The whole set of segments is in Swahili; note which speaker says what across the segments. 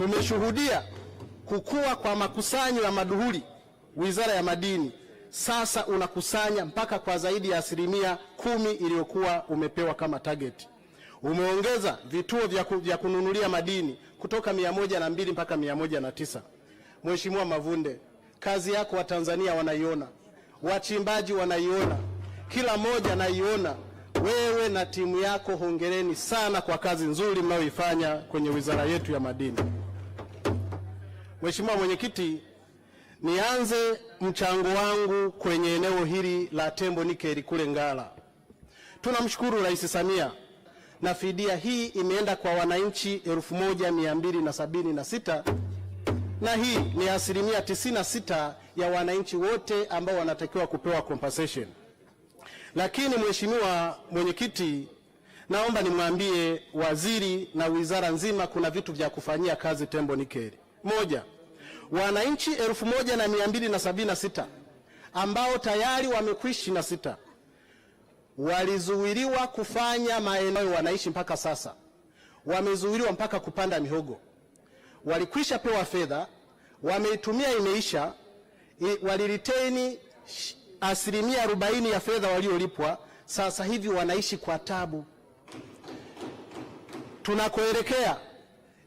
Speaker 1: Tumeshuhudia kukua kwa makusanyo ya maduhuli. Wizara ya Madini sasa unakusanya mpaka kwa zaidi ya asilimia kumi iliyokuwa umepewa kama target. Umeongeza vituo vya kununulia madini kutoka mia moja na mbili mpaka mia moja na tisa. Mheshimiwa Mavunde, kazi yako Watanzania wanaiona, wachimbaji wanaiona, kila mmoja anaiona. Wewe na timu yako hongereni sana kwa kazi nzuri mnayoifanya kwenye wizara yetu ya madini. Mheshimiwa Mwenyekiti, nianze mchango wangu kwenye eneo hili la Tembo nikeli kule Ngara. Tunamshukuru Rais Samia na fidia hii imeenda kwa wananchi 1276 na hii ni asilimia 96 ya wananchi wote ambao wanatakiwa kupewa compensation. Lakini Mheshimiwa Mwenyekiti, naomba nimwambie waziri na wizara nzima kuna vitu vya kufanyia kazi Tembo nikeri Moja, wananchi elfu moja na mia mbili na sabini na sita ambao tayari wamekwishi na sita walizuiliwa kufanya maeneo wanaishi mpaka sasa, wamezuiliwa mpaka kupanda mihogo. Walikwisha pewa fedha, wameitumia imeisha, waliriteni asilimia arobaini ya fedha waliolipwa. Sasa hivi wanaishi kwa tabu. Tunakoelekea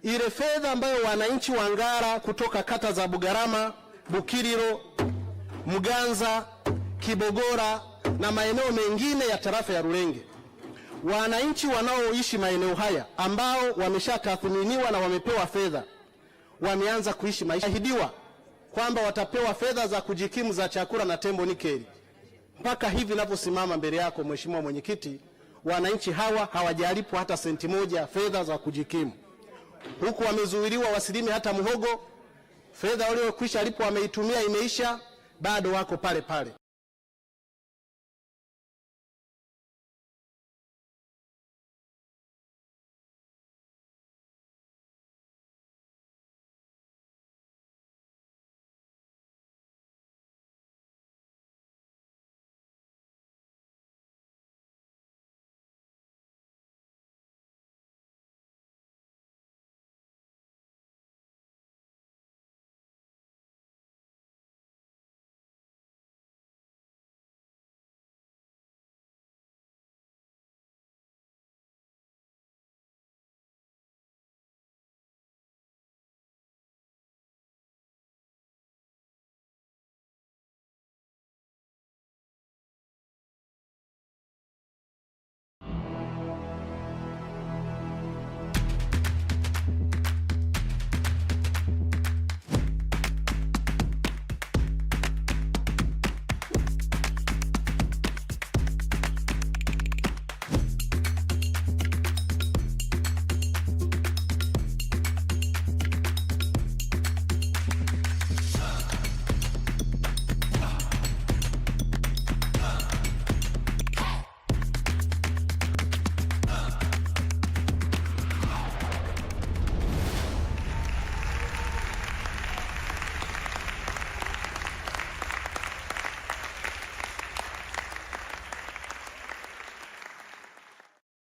Speaker 1: ile fedha ambayo wananchi wa Ngara kutoka kata za Bugarama, Bukiriro, Mganza, Kibogora na maeneo mengine ya tarafa ya Rulenge, wananchi wanaoishi maeneo haya ambao wameshatathminiwa na wamepewa fedha, wameanza kuishi maisha ahidiwa kwamba watapewa fedha za kujikimu za chakula na tembo nikeli. Mpaka hivi ninavyosimama mbele yako Mheshimiwa Mwenyekiti, wananchi hawa hawajalipwa hata senti moja fedha za kujikimu huku wamezuiliwa wasilime hata mhogo. Fedha waliokwisha alipo wameitumia imeisha, bado wako pale pale.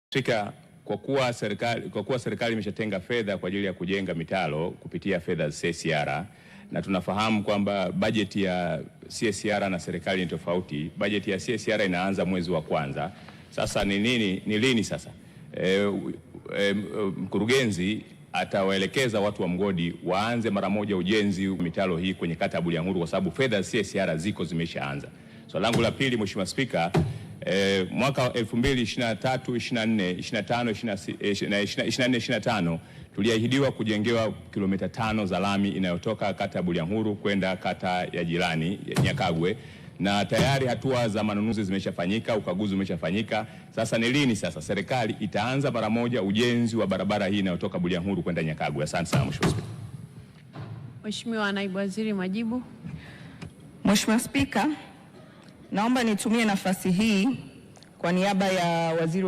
Speaker 2: Spika, kwa kuwa serikali kwa kuwa serikali imeshatenga fedha kwa ajili ya kujenga mitalo kupitia fedha za CSR na tunafahamu kwamba bajeti ya CSR na serikali ni tofauti. Bajeti ya CSR inaanza mwezi wa kwanza. Sasa ni nini, ni lini sasa e, e, mkurugenzi atawaelekeza watu wa mgodi waanze mara moja ujenzi mitalo hii kwenye kata ya Bulyanhulu kwa sababu fedha za CSR ziko zimeshaanza. Swali so, langu la pili Mheshimiwa Spika E, mwaka 2023, 24, 25, 24, 25 tuliahidiwa kujengewa kilomita tano za lami inayotoka kata ya Bulyanhulu kwenda kata ya jirani ya Nyakagwe na tayari hatua za manunuzi zimeshafanyika, ukaguzi umeshafanyika. Sasa ni lini sasa serikali itaanza mara moja ujenzi wa barabara hii inayotoka Bulyanhulu kwenda Nyakagwe? Asante sana Mheshimiwa Spika.
Speaker 3: Mheshimiwa Naibu Waziri, majibu.
Speaker 4: Mheshimiwa Spika, Naomba nitumie nafasi hii kwa niaba ya waziri wa